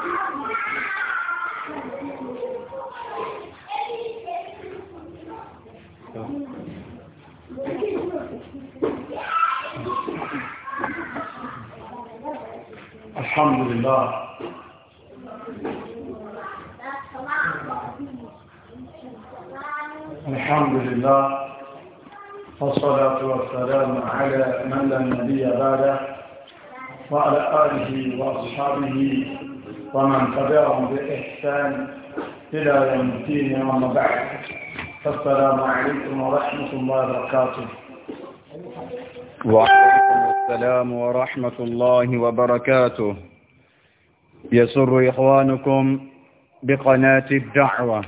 الحمد لله الحمد لله والصلاة والسلام على من لا نبي بعده وعلى آله وأصحابه ومن تبعهم بإحسان إلى يوم الدين وما بعد فالسلام عليكم ورحمة الله وبركاته وعليكم السلام ورحمة الله وبركاته يسر إخوانكم بقناة الدعوة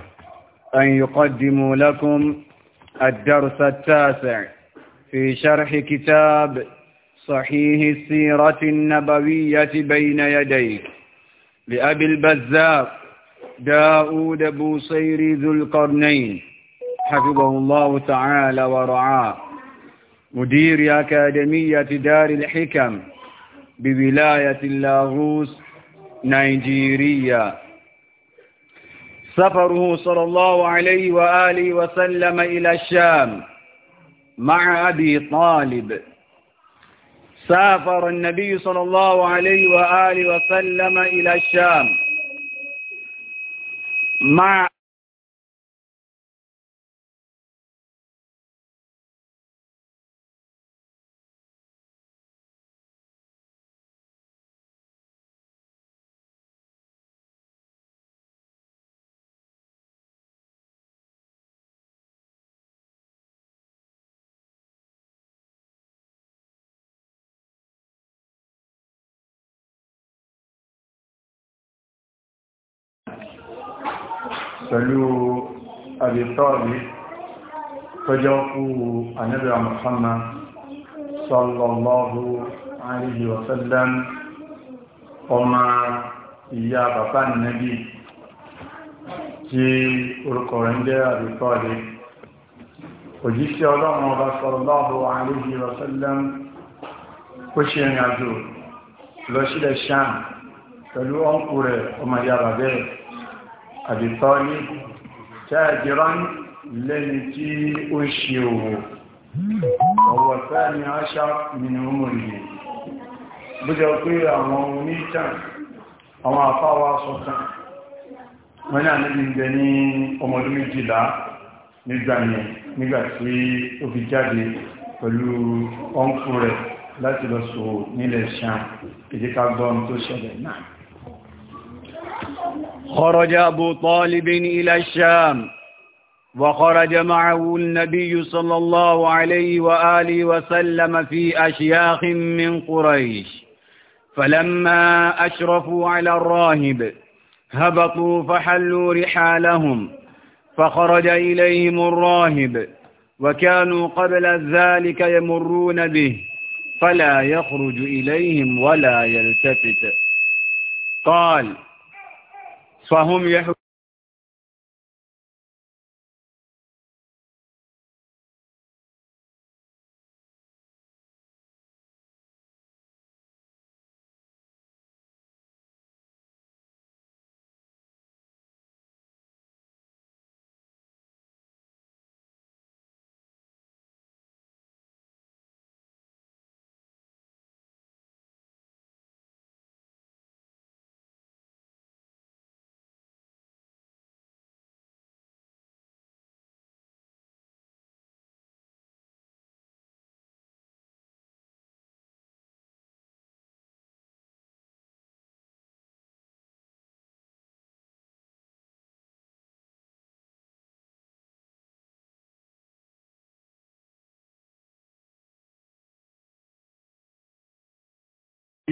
أن يقدموا لكم الدرس التاسع في شرح كتاب صحيح السيرة النبوية بين يديك لأبي البزار داود بوصيري ذو القرنين حفظه الله تعالى ورعاه مدير أكاديمية دار الحكم بولاية اللاغوس نيجيريا سفره صلى الله عليه وآله وسلم إلى الشام مع أبي طالب سافر النبي صلى الله عليه وآله وسلم إلى الشام مع pẹ̀lú àbẹ̀tọ́ọ̀lì tọ́jọ́ fún àníbà Muhammad sallallahu alayhi wa sallam ọmọ ìyá bàbá nìnẹ́bí tí orúkọ rẹ̀ ń jẹ́ àbẹ̀tọ́ọ̀lì òjíṣẹ́ ọlọ́run ọba sallallahu alayhi wa sallam ó ṣe ìrìn àbìtọ́lì tẹ́ẹ̀jìrán lẹ́ni tí ó ṣe òwò ọwọ́ fẹ́ni aṣá mìírànmùrì bó jẹ́ pé àwọn onítàn àwọn àfáwà sọ́kàn wọ́n ní àníbi ìgbẹ̀ ní ọmọdún méjìlá nígbàtí ó fi jáde pẹ̀lú ọmọ rẹ̀ láti lọ sọ nílẹ̀ ṣàn ìdíkàgbọ́n tó ṣẹlẹ̀ náà خرج أبو طالب إلى الشام وخرج معه النبي صلى الله عليه وآله وسلم في أشياخ من قريش فلما أشرفوا على الراهب هبطوا فحلوا رحالهم فخرج إليهم الراهب وكانوا قبل ذلك يمرون به فلا يخرج إليهم ولا يلتفت قال فهم يحكمون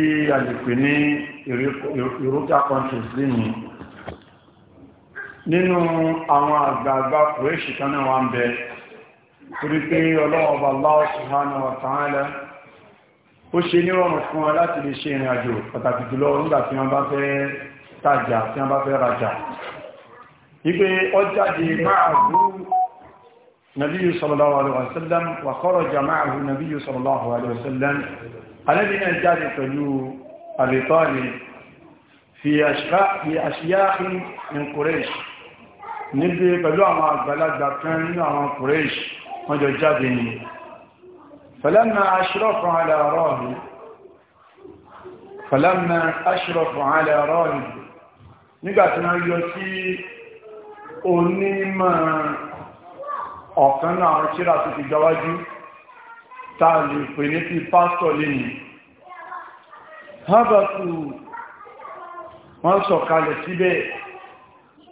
tí a lè pè ní European countries lẹ́nu nínú àwọn àgbààgbà kòrèṣì kan náà wà ń bẹ torí pé ọlọ́ọ̀bà Allah subhanahu wa ta'ala ó ṣe nírọ̀rùn fún wọn láti lè ṣe ìrìn àjò pàtàkì jùlọ nígbà tí wọ́n bá fẹ́ tajà tí wọ́n bá fẹ́ rajà wípé ọjáde máa rú nàbíyù sallallahu alaihi wasallam wà kharaja ma'ahu nàbíyù sallallahu alaihi Ànábì náà jáde pẹ̀lú àbìtọ́ọ̀lì fi àṣíyáhì ní Kùrẹ́ṣì níbi pẹ̀lú àwọn àgbàlagbà kan nínú àwọn Kùrẹ́ṣì wọ́n jọ jáde ní. Fẹ̀lẹ́mà aṣírọ̀fún alẹ́rọ̀ọ̀lù Fẹ̀lẹ́mà aṣírọ̀fún alẹ́rọ̀ọ̀lù nígbàtí wọ́n yọ sí onímọ̀ ọ̀kan náà tíra ti gbáwájú tá a lè pè ní ti pásítọ̀ lẹ́yìn hábàtù wọ́n sọ̀kalẹ̀ síbẹ̀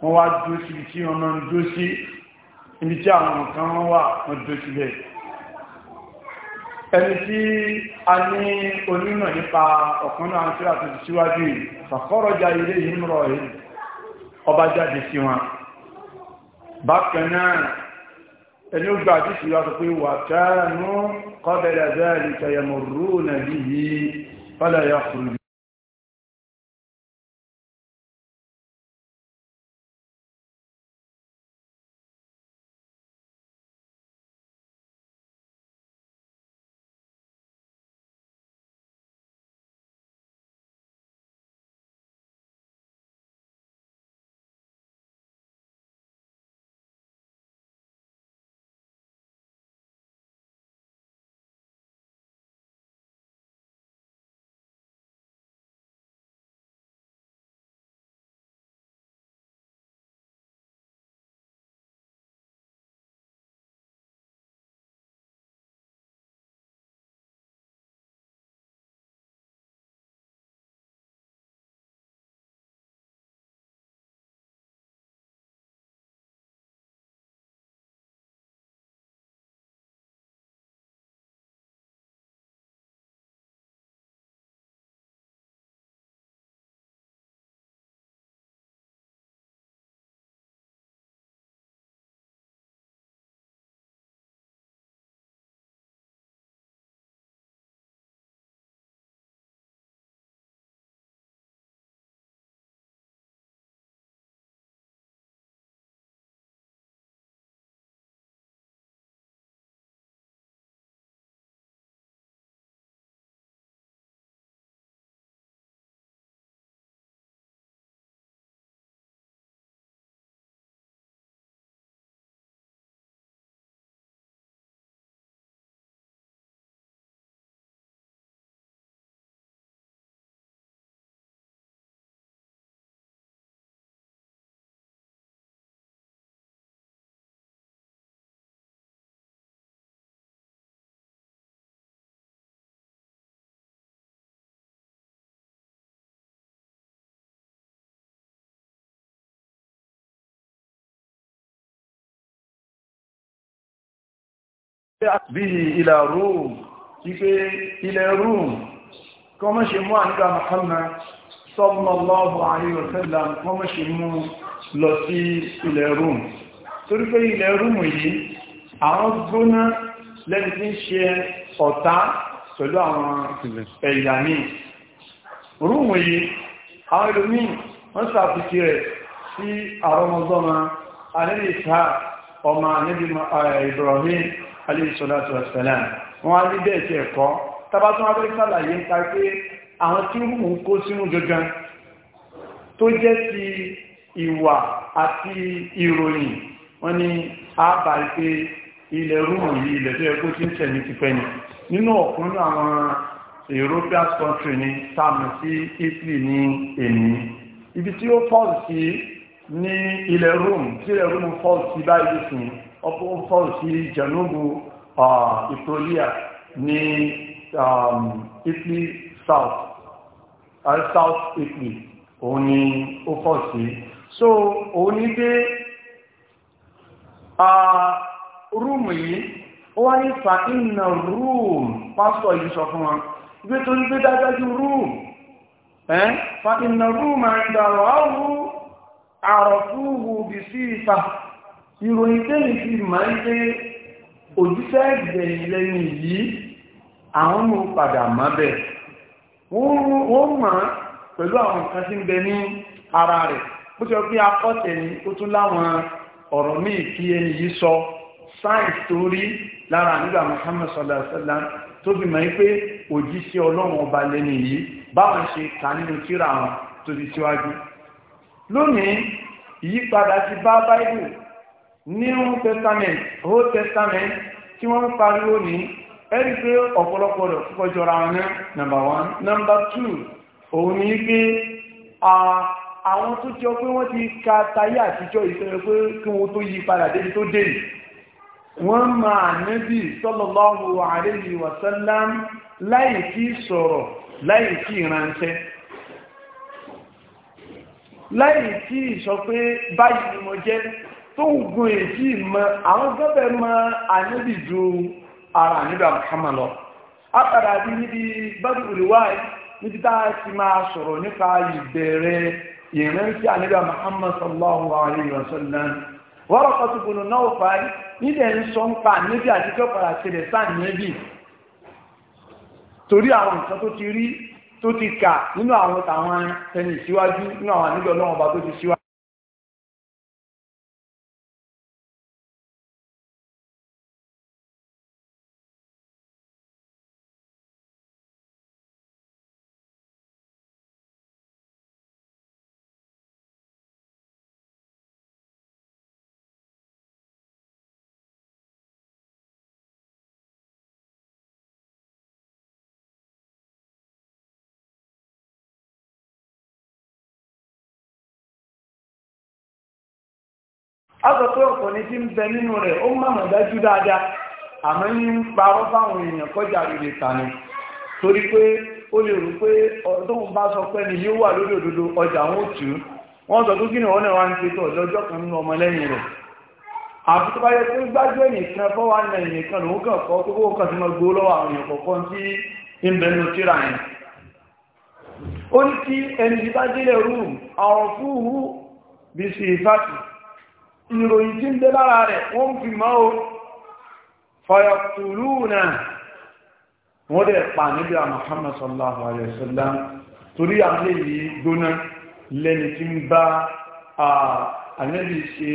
wọ́n wá dúró sí ibi tí wọ́n máa ń dúró sí ibi tí àwọn kan wọ́n wà wọ́n dúró síbẹ̀ ẹni tí a ní onímọ̀ nípa ọ̀kan náà ń síra tuntun síwájú fàkọ́rọ̀já ilé yìí ń rọ̀ ọba sí wọn bákan ẹni ó gbà àti ìṣìyà sọ pé wà kánú qabla dhalika yamurruna bihi fala yakhruj bí ilẹ̀ rome ti pé ilẹ̀ rome kọmọ́ ṣe mú àníkà Muhammad sallallahu alayhi wa sallam kọmọ́ ṣe mú lọ sí ilẹ̀ rome torí pé ilẹ̀ rome yìí àwọn gbóná lẹ́ni tí ń ṣe ọ̀tá pẹ̀lú àwọn ẹ̀yà ní rome yìí aléṣọ́láṣọ́ ọ̀sẹ̀lẹ̀ wọn á rí bẹ́ẹ̀ tí ẹ̀kọ́ tabatún abẹ́sàlàyé ń ta pé àwọn tí ń kó sínú gangan tó jẹ́ ti ìwà àti ìròyìn wọ́n ní àbà pé ilẹ̀ rúmù yìí ilẹ̀ tó tí ni nínú ọ̀kúnlẹ̀ àwọn ni sáàmù sí Italy ní èní ibi ilẹ̀ rúmù tí ilẹ̀ rúmù pọ̀ fún ọkọ̀ fọ́ọ̀lù sí jẹ̀núbù ìtòlíà ní um, Italy south uh, south Italy òun ni ó fọ́ọ̀lù sí so òun ní pé rúùmù yìí ó wá ní fa iná rúùmù pásítọ̀ yìí sọ fún wọn gbé tó ń gbé dájájú rúùmù ẹ́ fa iná rúùmù àìdàrọ̀ áwú àrọ̀fúhù bí sí ìfà ìròyìn tẹ́lì fi máa ń pé òjíṣẹ́ ìgbẹ̀yìn lẹ́yìn yìí àwọn mú padà mọ́bẹ̀ wọ́n máa pẹ̀lú àwọn nǹkan tí ń bẹ ní ara rẹ̀ bó ṣe pé akọ́tẹ̀ ni ó tún láwọn ọ̀rọ̀ míì kí ẹni yìí sọ sáìsì tó rí lára nígbà Muhammad sallallahu alaihi wasallam tó fi máa ń pé òjíṣẹ́ ọlọ́run ọba lẹ́ni yìí báwọn ṣe kà nínú new testament old testament tí wọ́n ń pariwo ní ẹ̀rí pé ọ̀pọ̀lọpọ̀ rẹ̀ púpọ̀ jọra wọn ní number one number two òun ni pé àwọn tó jọ pé wọ́n ti ka táyé àtijọ́ ìṣẹ̀lẹ̀ pé kí wọ́n tó yí padà débi tó dé wọ́n máa nábì sallallahu alayhi wa sallam láì kí sọ̀rọ̀ láì kí ìránṣẹ́ láì kí ìsọ pé báyìí ni mo jẹ́ tó ń gun èyí mọ́ àwọn gẹ́gẹ́ mọ́ àníbì ju ara àníbì Muhammad lọ apàdà bí níbi bẹ́ẹ̀ olùwáì níbi tá a ti máa sọ̀rọ̀ nípa ìbẹ̀rẹ̀ ìrántí àníbì Muhammad sallallahu alayhi wa sallam wọ́rọ̀ kọ́ tó gbọ́nà náà fàáyí nílẹ̀ ń sọ ń pa níbi àtijọ́ padà ṣẹlẹ̀ sáàníẹ́bì torí àwọn nǹkan tó ti rí tó ti kà nínú àwọn tàwọn ẹni ìṣíwájú nínú àwọn àníjọ́ lọ́wọ́ ọba tó ti ṣíwájú azọ̀tọ́ ọ̀pọ̀ ní tí ń bẹ nínú ma ó mọ̀mọ̀ dájú dáadáa àmọ́ ní ń parọ́ fáwọn èèyàn kọjá rèé tàní torí pé ó lè rò pé ọdún bá sọ pé ni yóò wà lórí ọjà wọn ò tù ú wọ́n sọ tó kí ni wọ́n náà wá ń ṣe tó kan nínú àti tó bá yẹ pé gbájú kan àná kan lòun ìròyìn tí ń dé lára rẹ̀ wọ́n fi mọ́ o fọyọ̀tùlú náà wọ́n dẹ̀ pa níbi Muhammad sallallahu alayhi wa sallam torí àmì yìí gbóná lẹ́ni tí ń bá ànẹ́bì ṣe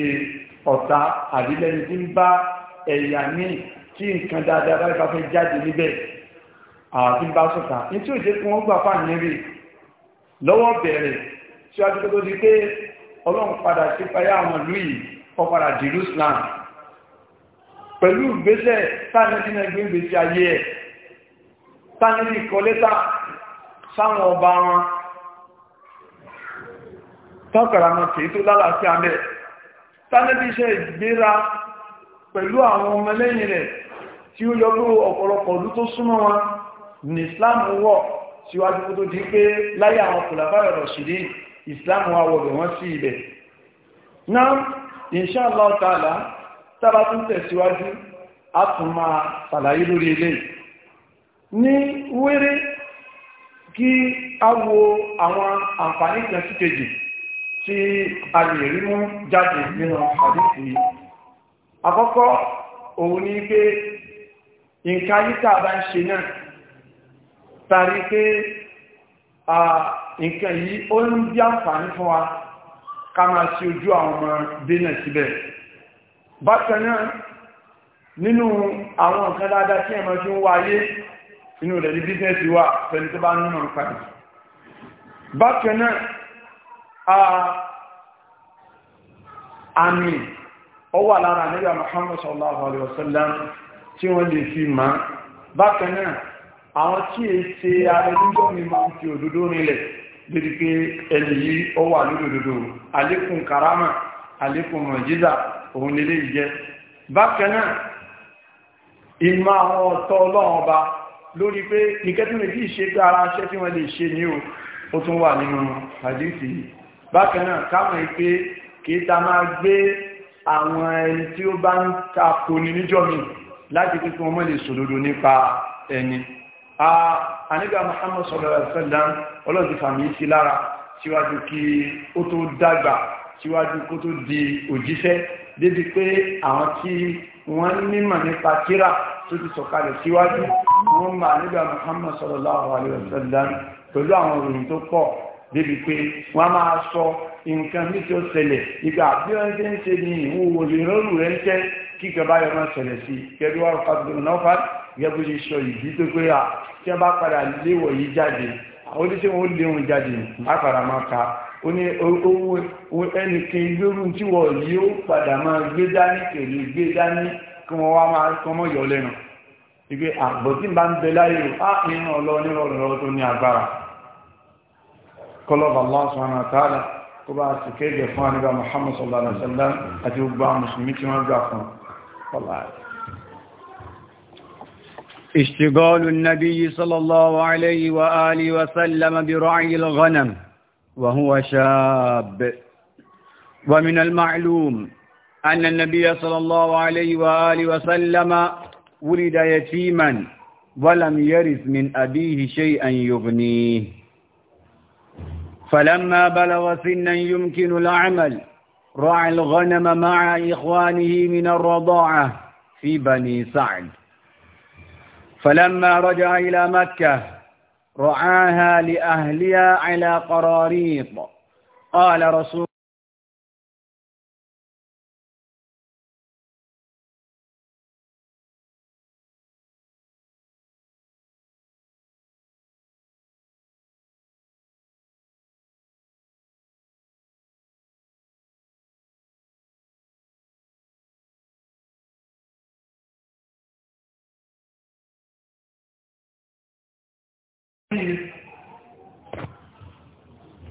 ọ̀tá àbí lẹ́ni tí ń bá ẹ̀yà ní kí nǹkan dáadáa bá ìfafẹ́ jáde níbẹ̀ àti bá sọ̀tà ní tí ó jẹ́ kí tó di pé ọlọ́run padà sí payá àwọn ìlú ọ̀padà dìlú islam pẹ̀lú ìgbésẹ̀ sáàmìsínà gbígbèsí ayé ẹ̀ sáàmìsí kọlẹ́ta sáwọn ọba wọn tọ́kàràmọ̀ kìí tó lálàáfíà mẹ́ sáàmìsí iṣẹ́ ìgbéra pẹ̀lú àwọn ọmọlẹ́yìn rẹ̀ tí ó yọgbó ọ̀pọ̀lọpọ̀ ọdún tó súnmọ́ wọn ní islam wọ̀ síwájú kó tó di pé láyé àwọn kòlàfà rẹ̀ sí ní islam wà wọ́n sí ibẹ̀ náà inshallah ta'ala tábà tún tẹ̀síwájú a tún máa ṣàlàyé lórí eléyìí ní wéré kí a wo àwọn àǹfààní kan sí kejì tí a lè rí mú jáde nínú àdínkù yìí àkọ́kọ́ òun ni pé nǹkan yíká bá ń ṣe náà tàrí pé nǹkan yìí ó ń bí àǹfààní fún wa ká máa sí ojú àwọn ọmọ dínà síbẹ̀ bákan náà nínú àwọn nǹkan dáadáa tí ẹ̀mọ́ tí ń wá ayé inú rẹ̀ ní bísẹ́ẹ̀sì wà pẹ̀lú tó bá nínú nǹkan bákan náà àmì ọwà lára nígbà Muhammad sallallahu alaihi wasallam tí wọ́n lè fi máa bákan náà àwọn tí è ṣe arẹ́dúnjọ́ mi máa ń fi òdòdó débi pé ẹni yìí ó wà lódodo àlékún karama àlékún mọ̀jíza òun lélẹ́ ìjẹ́ bákan náà ìmọ̀ àwọn ọ̀tọ̀ ọlọ́run ọba lórí pé ìkẹ́tùnmí tí ìṣe pé ara aṣẹ́ tí wọ́n lè ṣe ní o ó tún wà nínú àdíìsì yìí bákan náà káwọn ìpé kìí ta máa gbé àwọn ẹni tí ó bá ń takoni níjọ́ mi láti pípọ́ mọ́ lè sòdodo nípa ẹni ànígbà Muhammad sallallahu alaihi wasallam ọlọ́dún fàmí sí lára síwájú kí ó tó dàgbà síwájú kó tó di òjíṣẹ́ débi pé àwọn tí wọ́n nímọ̀ nípa kíra tó ti sọ̀kalẹ̀ síwájú wọ́n ma nígbà Muhammad sallallahu alaihi wasallam pẹ̀lú àwọn òròyìn tó pọ̀ débi pé wọ́n máa sọ nǹkan bí tí ó ṣẹlẹ̀ ìgbà bí wọ́n ṣe ń ṣe ní ìwò òròyìn rẹ̀ ń tẹ́ kíkẹ́ báyọ̀ náà ṣẹlẹ̀ sí kẹ́bí wọ́n fàbí náà gẹ́gẹ́ bó ṣe sọ ìdí tó pé à tí wọ́n bá padà léwọ̀ yìí jáde àwọn oníṣẹ́ wọn lé wọn jáde bá padà máa ka ó ní ohun ẹnìkan lóru tí wọ́n yìí ó padà máa gbé dání kèrè gbé dání kí wọ́n wá máa kọ́ mọ́ yọ lẹ́nu ìgbé àgbọ̀tí bá ń bẹ láyé ó á ah, ìran ọlọ́ nírọ̀lọ́ tó ní agbára kọlọ́bà Allah subhanahu wa kó bá sì kéèjẹ̀ fún àníbà Muhammad sallallahu alaihi àti gbogbo àwọn mùsùlùmí tí wọ́n gbà fún ọlá اشتغال النبي صلى الله عليه وآله وسلم برعي الغنم وهو شاب ومن المعلوم أن النبي صلى الله عليه وآله وسلم ولد يتيما ولم يرث من أبيه شيئا يغنيه فلما بلغ سنا يمكن العمل رعى الغنم مع إخوانه من الرضاعة في بني سعد فلما رجع إلى مكة رعاها لأهلها على قراريط قال رسول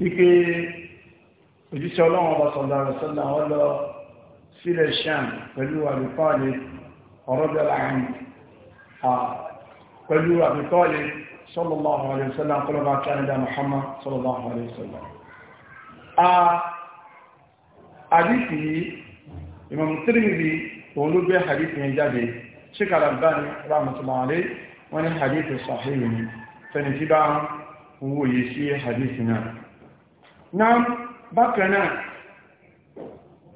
wípé òjíṣẹ́ ọlọ́run ọba sọ̀dá àrẹ̀sọ́dá wọ́n lọ sílẹ̀ sham pẹ̀lú àbíkọ́ọ̀lẹ̀ ọ̀rọ̀dọ́lá àrùn pẹ̀lú àbíkọ́ọ̀lẹ̀ sallallahu alaihi wasallam kọlọba kánidà Muhammad sallallahu alaihi wasallam a àdíkì Imam Tirmidhi òun ló gbé àdíkì yẹn bá ní rahmatullahi alaihi wọ́n ní àdíkì sahih ni fẹ́ni tí bá ń wòye sí àdíkì náà náà bákan náà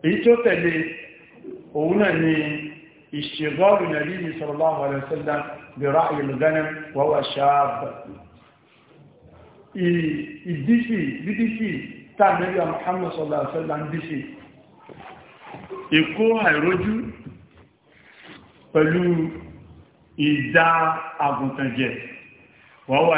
èyí tó tẹ̀lé òun náà ni ìṣègọ́rù nàbí mi sallallahu alaihi wasallam bẹ̀rọ àyèlúgánà wọ́wọ́ ṣáàbà ìdíṣì bídíṣì tàbí Muhammad sallallahu alaihi wasallam bíṣì ìkó àìrójú pẹ̀lú ìdá àgùntàn jẹ ṣáàbà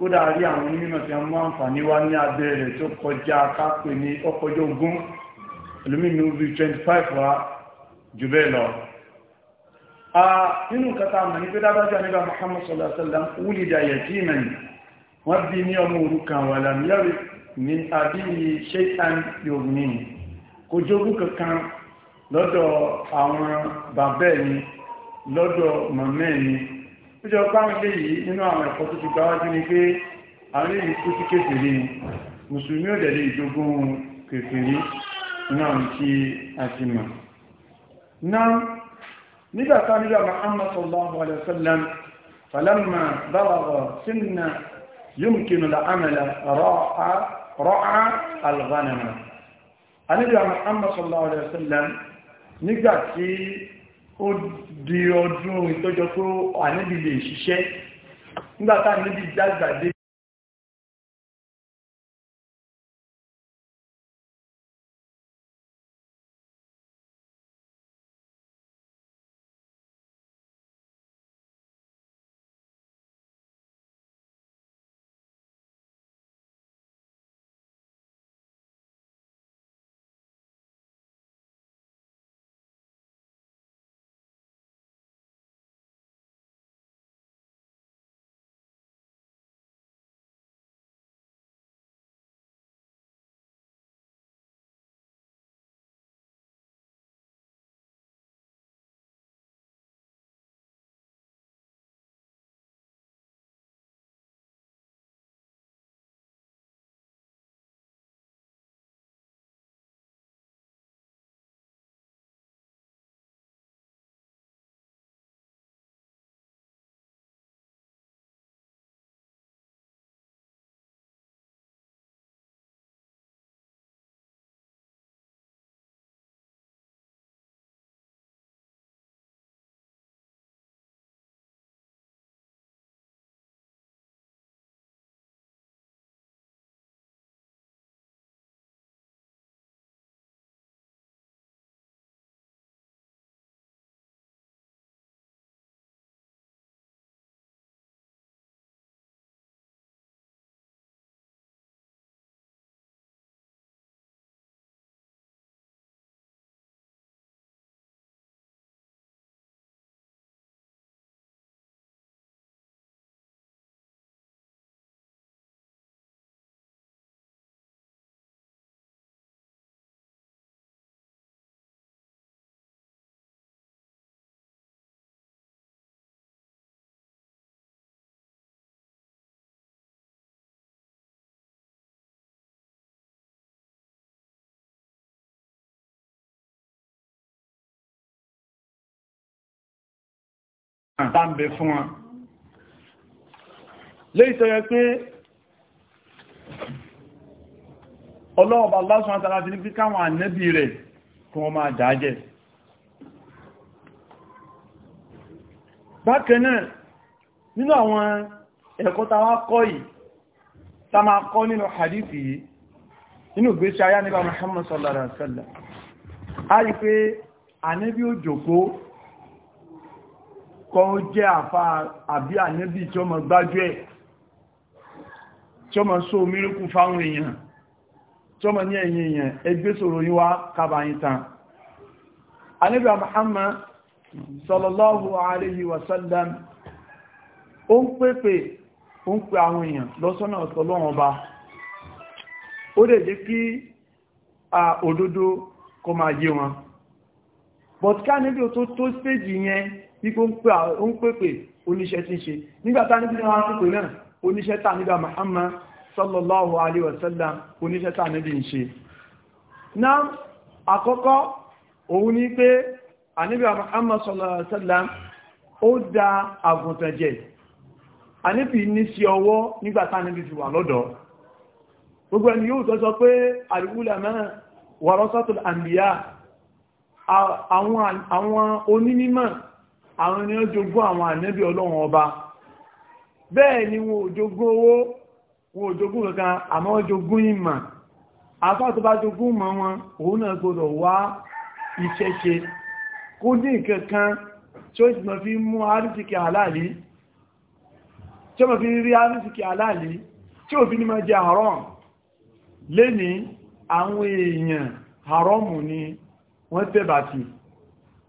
kódà rí àwọn onímọ̀ tí wọ́n máa ń fà níwá ní abẹ́ rẹ̀ tó kọjá kápẹ́ ní ọkọjọ́ ogún ẹlòmínú bí 25 wá jù bẹ́ẹ̀ lọ nínú kata àmà ní pé dábájá nígbà Muhammad sallallahu alaihi wasallam wúlìdà yatiman wọ́n bí ní ọmọ òrukàn wà lámìyàrí ní àbí shaytan yomi kò jogún kankan lọ́dọ̀ àwọn bàbẹ́ ni lọ́dọ̀ màmẹ́ ni ó jọ páwọn ilé yìí nínú àwọn ẹ̀kọ́ tó ti gbáwájú ni pé àwọn èyí kú sí kéfèrí mùsùlùmí ò dẹ̀lé ìjogún kéfèrí náà tí a ti mọ̀ náà nígbà sáníyà Muhammad sallallahu alaihi wasallam falamma balagha ó di ọdún ìtọ́jọ́ pé àníbi lè ṣiṣẹ́ nígbàtà níbi dágbàdé tàbí fún wọn léyìí tó yẹ pé ọlọ́ọ̀bà lásán àtàrà ti ní pí káwọn ànẹ́bì rẹ̀ kí wọ́n máa dájẹ́ bákanáà nínú àwọn ẹ̀kọ́ ta wá kọ́ yìí ta máa kọ́ nínú hadith yìí nínú gbéṣẹ́ ayá nípa Muhammad sallallahu alaihi wasallam kọ́ ó jẹ́ àfà àbí ànẹ́bì tí ó mọ̀ gbájú ẹ̀ tí ó mọ̀ só mírùkù fáwọn èèyàn tí ó mọ̀ ní ẹ̀yìn èèyàn ẹgbẹ́ sọ̀rọ̀ yíwá kábàáyín tán ànẹ́bì Muhammad sallallahu alayhi wa sallam ó ń pèpè ba ó lè a òdodo kó máa yé wọn but wípé ó ń pèpè oníṣẹ́ tí ń ṣe nígbàtá níbi ní wọ́n pèpè náà oníṣẹ́ tà nígbà Muhammad sallallahu alaihi wasallam oníṣẹ́ tà níbi ń ṣe náà àkọ́kọ́ òun ní pé àníbà Muhammad sallallahu alaihi wasallam ó dá àgùntàn jẹ àníbì ní sí ọwọ́ nígbàtá níbi ti wà lọ́dọ̀ gbogbo ẹni yóò tọ́jọ pé al àwọn ni ó jogún àwọn ànẹ́bí ọlọ́run ọba bẹ́ẹ̀ ni wọn ò jogún owó wọn ò jogún kankan àmọ́ wọ́n jogún ìmọ̀ afá tó bá jogún mọ́ wọn òun náà gbọdọ̀ wá ìṣẹ́ṣe kó ní ìkankan tí ó ti mọ̀ fi mú àrísìkì àláàlì tí ó mọ̀ fi rí àrísìkì àláàlì tí ò fi ní máa jẹ haram lẹ́ni àwọn èèyàn haramu ni wọ́n tẹ́bàtì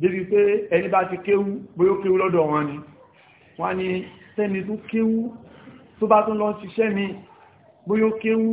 débi pé ẹni bá ti kéwú bóyó kéwú lọ́dọ̀ wọn ni wọ́n ni tẹ́ni tó kéwú tó bá tún lọ ṣiṣẹ́ mi bóyó kéwú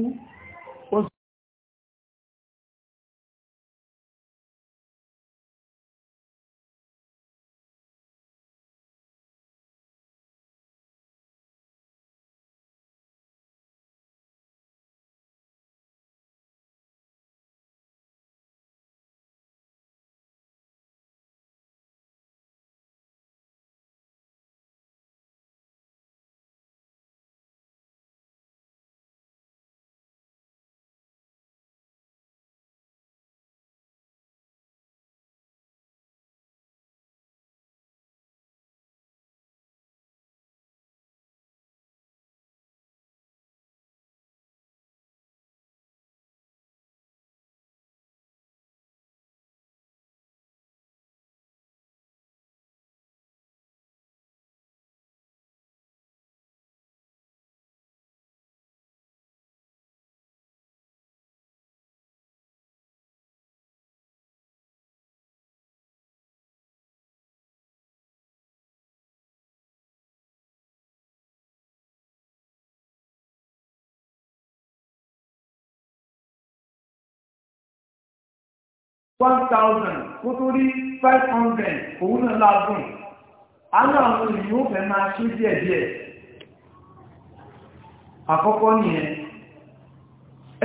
1,000 thousand kó tó rí five hundred òun náà lágùn àwọn àwọn èèyàn ó fẹ́ máa ṣe díẹ̀ díẹ̀ àkọ́kọ́ nìyẹn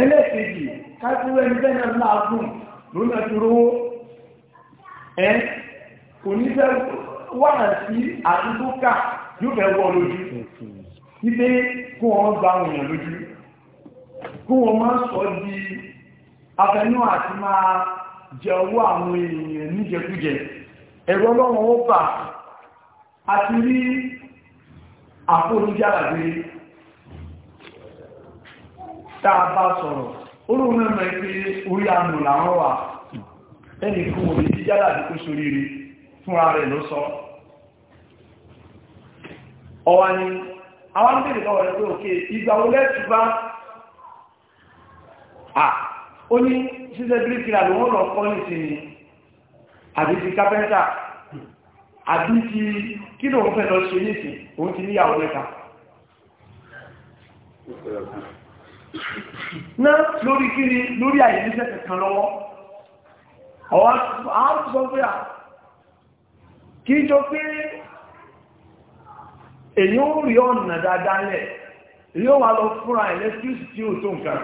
ẹlẹ́ẹ̀kejì kájúwé ẹgbẹ́ náà lágùn lónà tó rówó ẹ kò ní fẹ́ wà sí àdúgbòkà yóò fẹ́ wọ́ lójú ilé kó wọn gba òyìn lójú kó wọn máa sọ di afẹnú àti máa jẹ owó àwọn èèyàn níjẹkújẹ ẹ̀rọ ọlọ́run ó bà rí tàà bá sọ̀rọ̀ olóòrùn ẹ̀mọ̀ ẹgbẹ́ orí àmì làwọn wà ẹni tí kó rẹ̀ ló sọ ọwá ni àwọn òkè ìgbà ó ní ṣíṣẹ́ bíríkìlà ló wọ́n lọ kọ́ ní sí ni àbí ti kápẹ́ntà àbí ti kí ló ń fẹ́ lọ ṣe ní sí òun ti níyàwó mẹ́ta náà lórí kí ni lórí àyè níṣẹ́ kankan lọ́wọ́ ọ̀wọ́ àwọn sọ pé à kí jọ pé èyí ó rí ọ̀nà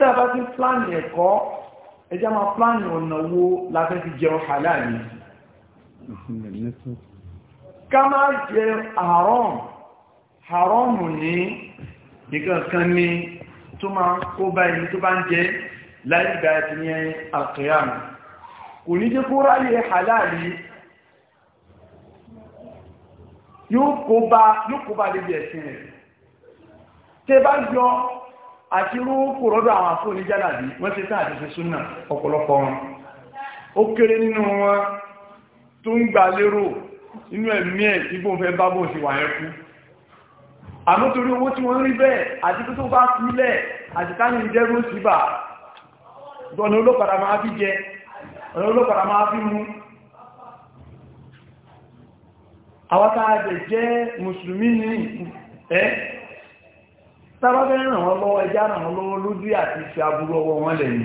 tá a bá ti pláàni ẹ̀kọ́ ẹjá máa pláàni ọ̀nà wo la fẹ́ fi jẹun halali ká máa jẹ haram haram ní nìkan kan ní tó máa kó báyìí tó bá ń jẹ láìgbà ti ní àkíyàmù kò ní jẹ́ kó ráyè halali yóò kó bá lè ẹ̀sìn rẹ̀ tẹ bá yọ àti rúkù rọ́dọ̀ àwọn àfún ní jálàbí wọ́n ti táà fi súnà ọ̀pọ̀lọpọ̀ wọn ó kéré nínú wọn tó ń gbà lérò inú ẹ̀mí ẹ̀ tí fẹ́ bá sí wà ẹkú àmọ́ torí owó tí wọ́n rí bẹ́ẹ̀ àti tó tó bá àti tábà fẹ́ ràn wọ́n lọ́wọ́ ẹjá ràn wọ́n lọ́wọ́ lójú àti ṣe aburú ọwọ́ wọn lẹ́yìn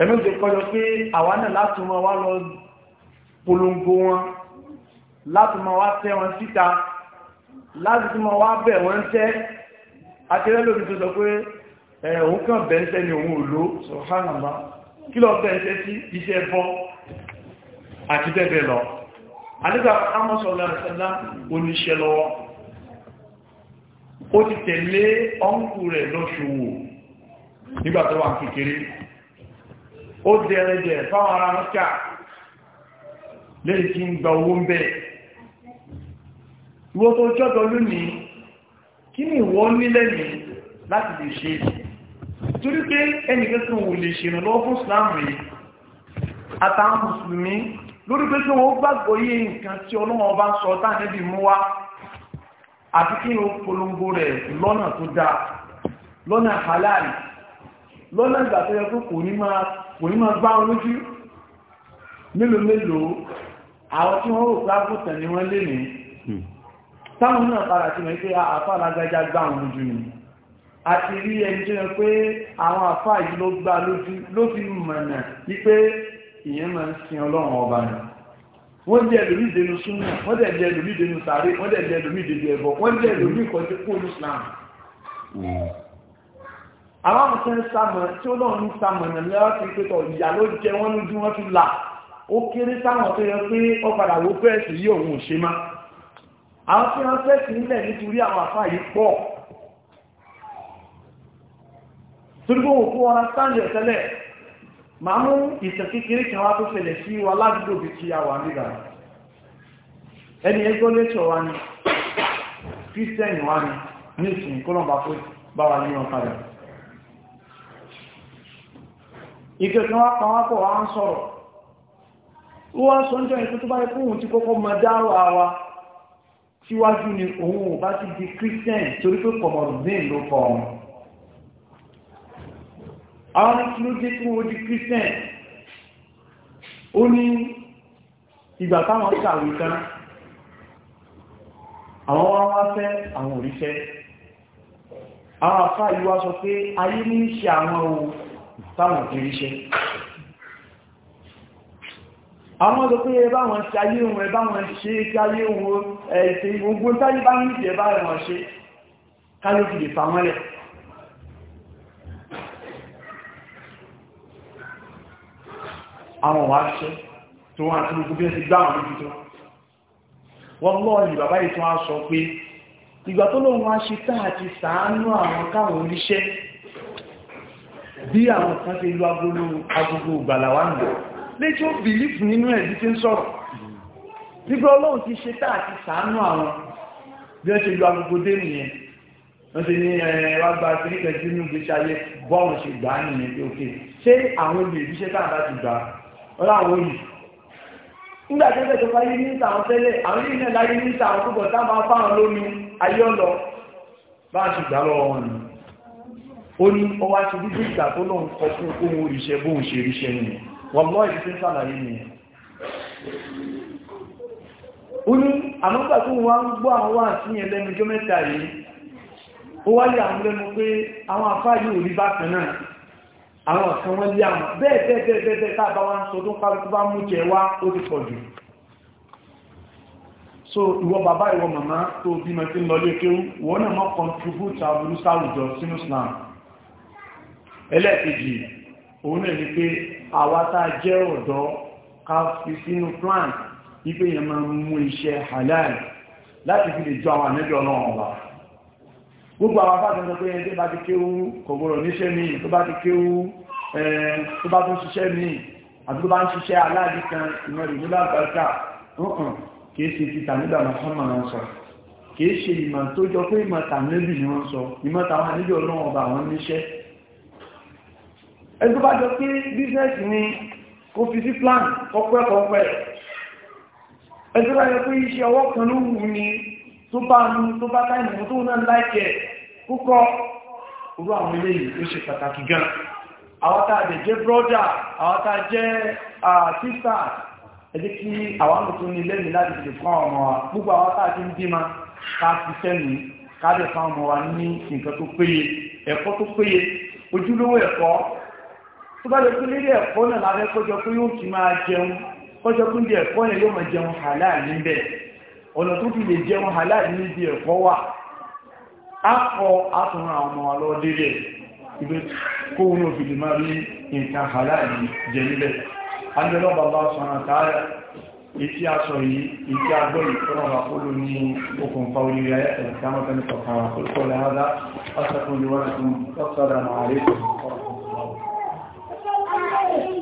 ẹ̀mí ti kọjọ pé àwa náà láti mọ wá lọ polongo wọn láti mọ wá tẹ wọn síta láti mọ wá bẹ̀ wọ́n tẹ́ akẹ́rẹ́ tó sọ pé òun kàn bẹ́ńtẹ́ ni òun ò ló sọ̀hánàmá kí lọ bẹ́ńtẹ́ sí iṣẹ́ bọ́ àti bẹ́ẹ̀ bẹ́ẹ̀ lọ àdígbà amọ́sọ̀lá ó ti tẹ̀lé ọ́nkù rẹ̀ lọ́ṣòwò nígbà tó wà kékeré ó dẹ̀rẹ̀jẹ̀ fáwọn ará mọ́kà lẹ́yìn tí ń gba owó ń tó jọ́dọ̀ lónìí kí ni ìwọ nílẹ̀ ní láti lè ṣe torí pé ẹnìkẹ́kẹ́ wò lè fún àtàwọn mùsùlùmí lórí pé kí àti kí o polongo rẹ̀ lọ́nà tó dáa lọ́nà halal lọ́nà ìgbà tó yẹ kó ní máa gbá wọn lójú mélòó mélòó àwọn tí wọ́n rò pàápùtẹ̀ ni wọ́n lè ní hmm. táwọn náà padà tí wọ́n pé àfà lágbájá gbá wọn lójú ni a ti rí ẹni tó yẹ pé àwọn àfà yìí ló gbá lójú ló fi mọ̀nà wípé ìyẹn máa ń sin ọlọ́run ọba náà wọ́n jẹ́ ẹlòmí ìdènú súnmọ́ wọ́n dẹ̀ jẹ́ ẹlòmí ìdènú sàárè wọ́n dẹ̀ jẹ́ ẹlòmí ìdènú ẹ̀bọ wọ́n jẹ́ ẹlòmí ìkọ̀jú kóòlù islam. àwọn àmọ̀tẹ́ ń sàmọ̀ tí ó lọ́ọ̀ ń sàmọ̀ nà lọ́wọ́ ti pé tọ̀ ìyá ló jẹ wọ́n lójú wọn tún là ó kéré sáwọn tó yẹ pé ó padà wó fẹ́ẹ̀sì yí òun ò ṣe má. àwọn tí wọ́n fẹ́ẹ̀sì nílẹ̀ nítorí àwọn àfáà yìí pọ̀ torí kó wò fún ọ ma mú ìsẹ̀ kékeré kan wá tó fẹ̀lẹ̀ sí wa ládùúgbò bí kí a wà nígbà ẹni ẹgbọ́ lẹ́tọ̀ wa ni kírísítẹ́nì wa ni ní ìsìn kọ́lọ̀mbà fún bá wa ní ọ̀padà ìkẹ̀kẹ́ wá pa wápọ̀ wá ń sọ̀rọ̀ ó wá ń sọ níjọ́ ìpín tó bá ikú òun ti kọ́kọ́ mọ dárò àwa síwájú ni òun ò bá ti di kírísítẹ́nì torí pé pọ̀mọ̀lù àwọn ní kí ló dé tí wọ́n di christian ó ní ìgbà táwọn ṣàwé tán àwọn wá wá fẹ́ àwọn òríṣẹ́ àwọn àfá ìwá sọ pé ayé ní ṣe àwọn ohun táwọn òríṣẹ́ àwọn ọdọ̀ pé ẹbá wọn ṣe ayé ohun ẹbá wọn ṣe kí ayé ohun ẹ̀ẹ̀tẹ̀ ìgbogbo táyé bá ń jẹ bá ẹ̀wọ̀n ṣe káyọ̀ fi lè fà mọ́lẹ̀ àwọn wá ṣẹ́ tó wọ́n àti gbogbo bí ẹ ti gbá àwọn lójú tó wọ́n lọ́ ní bàbá yìí tó wá sọ pé ìgbà tó lóun wá ṣe tá àti sàánú àwọn káwọn oníṣẹ́ bí àwọn kan ti lu agolo agogo ìgbàlàwà nù lẹ́jọ́ bìlífù nínú ẹ̀bí tí ń sọ̀rọ̀ nígbà ọlọ́run ti ṣe tá àti sàánú àwọn bí wọ́n ṣe lu agogo dé nìyẹn wọ́n ti ní ẹ̀wà gba kíríkẹ̀ sínú ìgbésí bọ́ọ̀rùn ṣe gbà á nìyẹn pé òkè ṣé àwọn olùyẹ̀bí ṣe tá gbà á ọláwọn yìí nígbà tí ẹgbẹ́ tó bá yé níta àwọn tẹ́lẹ̀ àwọn yìí láyé níta àwọn púpọ̀ tá bá fáwọn lómi ayé ọlọ bá a ti gbà lọ wọn ni ó ní ọwá ti bí bí ìgbà tó lóun kọ fún ohun òrìṣẹ́ bóun ṣe ríṣẹ́ nìyẹn wọn lọ ìdí tí ń sàlàyé nìyẹn ó ní àmọ́gbà tó wọ́n ń gbọ́ àwọn wà sí ẹlẹ́nu jọ mẹ́ta yìí ó wáyé àwọn lẹ́nu pé àwọn afá yìí ò rí bákan náà àwọn kan wọ́n lé àmọ́ bẹ́ẹ̀ bẹ́ẹ̀ bẹ́ẹ̀ bẹ́ẹ̀ tá a bá wá ń sọ tó ń parí tó bá mú jẹ wá ó ti pọ̀ jù so ìwọ bàbá ìwọ màmá tó bímọ tí ń lọ lé kéwú wọ́n náà mọ́ contribute àbúrú sáwùjọ sínú Islam ẹlẹ́ẹ̀kejì òun náà ni pé àwa tá a jẹ́ ọ̀dọ́ ká fi sínú plan wípé yẹn máa mú iṣẹ́ halal láti fi lè jọ àwọn àmẹ́jọ náà wà gbogbo àwọn afáàfin sọ pé ẹni tó bá ti kéwú kò gbọ́dọ̀ níṣẹ́ míì tó bá ti kéwú tó bá tún ṣiṣẹ́ míì àti tó bá ń ṣiṣẹ́ aláàbí kan ìmọ̀ ìlú lágbàáta ọ̀hún kìí ṣe ti tàníbà mọ̀sánmà wọn sọ kìí ṣe ìmọ̀ tó jọ pé ìmọ̀ tàníbì ni wọ́n sọ ìmọ̀ tàwọn àníjọ ọlọ́wọ́ ọba àwọn níṣẹ́ ẹni tó bá jọ pé plan kọ́pẹ́ kọ́pẹ́ ẹni tó bá jọ pé iṣẹ́ ọwọ́ kan ló wù ni tó bá nu tó bá táìmù tó náà láìkẹ́ púpọ̀ orú àwọn eléyìí ó ṣe pàtàkì gan àwọn tá je brọ́dà àwọn jẹ́ sísà ẹjẹ́ kí àwọn àmùtún ní lẹ́nu láti fi wa gbogbo a ti ń bímọ ká fi sẹ́nu ká fún ọmọ wa ní nǹkan tó péye ẹ̀kọ́ tó péye ojúlówó ẹ̀kọ́ tó bá lè kú lérí ẹ̀kọ́ náà lábẹ́ kọjọ pé yóò ti máa jẹun kọjọ pé ẹ̀kọ́ yẹn yóò máa jẹun níbẹ̀ ọ̀nà tó fi lè akọ àtúnra ọmọ wa lọ délẹ̀ ibi kó wọn òfin lè máa rí nǹkan halali jẹ níbẹ̀ adélọ́bà bá sọ̀rọ̀ tààrà ìtí aṣọ yìí ìtí agbọ́ ìtọ́nàwà kóló ní okùnfà orí ayẹ́tẹ̀ ìtàmọ́tẹ́ ní kọ̀kàrà tó kọ́ lẹ́hádá pásẹ̀kùn lè wọ́n